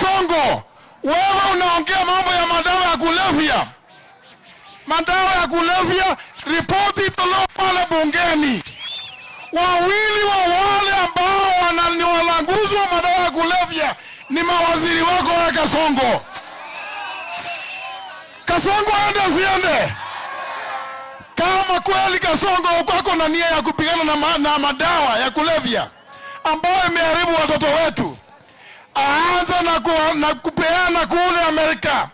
Songo, wewe unaongea mambo ya madawa ya kulevya, madawa ya kulevya. Ripoti itolewa pale bungeni, wawili wa wale ambao wananiwalanguzwa madawa ya kulevya ni mawaziri wako wa Kasongo. Kasongo aende asiende? Kama kweli Kasongo ukwako na nia ya kupigana na, ma, na madawa ya kulevya ambayo imeharibu watoto wetu aanze na, ku, na kupeana kule Amerika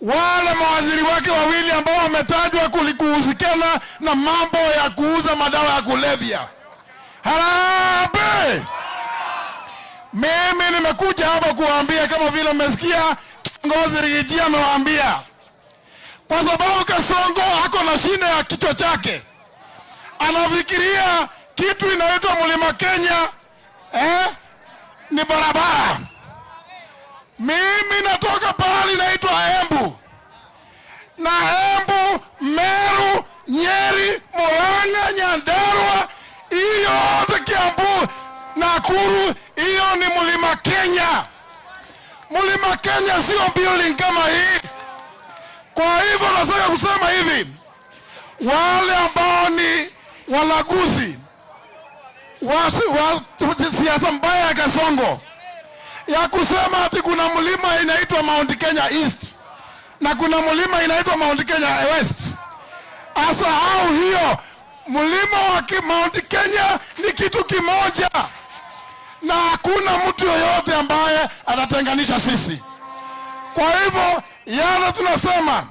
wale mawaziri wake wawili ambao wametajwa kulikuhusikana na mambo ya kuuza madawa ya kulevya. Harambe, Mimi nimekuja hapa kuwaambia kama vile mmesikia kiongozi Rigiji amewaambia, kwa sababu Kasongo ako na shida ya kichwa chake, anafikiria kitu inaitwa mlima Kenya eh? ni barabara. Mimi natoka pahali naitwa Embu na Embu, Meru, Nyeri, Murang'a, Nyandarua, hiyo yote Kiambu, Nakuru, hiyo ni mlima Kenya. Mlima Kenya sio building kama hii. Kwa hivyo nataka kusema hivi, wale ambao ni walaguzi siasa mbaya ya Kasongo ya kusema ati kuna mlima inaitwa Mount Kenya East na kuna mlima inaitwa Mount Kenya West. Asahau hiyo, mlima wa Mount Kenya ni kitu kimoja, na hakuna mtu yoyote ambaye atatenganisha sisi. Kwa hivyo yana tunasema,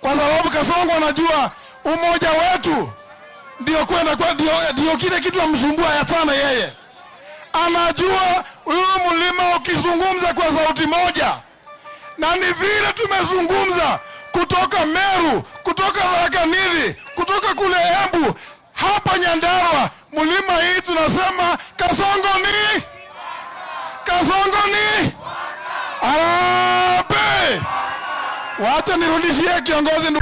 kwa sababu Kasongo anajua umoja wetu ndio kwenda kwa ndio, ndio kile kitu namsumbua ya sana. Yeye anajua huyu mlima ukizungumza kwa sauti moja, na ni vile tumezungumza kutoka Meru, kutoka Harakanithi, kutoka kule Embu, hapa Nyandarua, mlima hii tunasema Kasongo ni Kasongo ni Arambe. Wacha nirudishie kiongozi.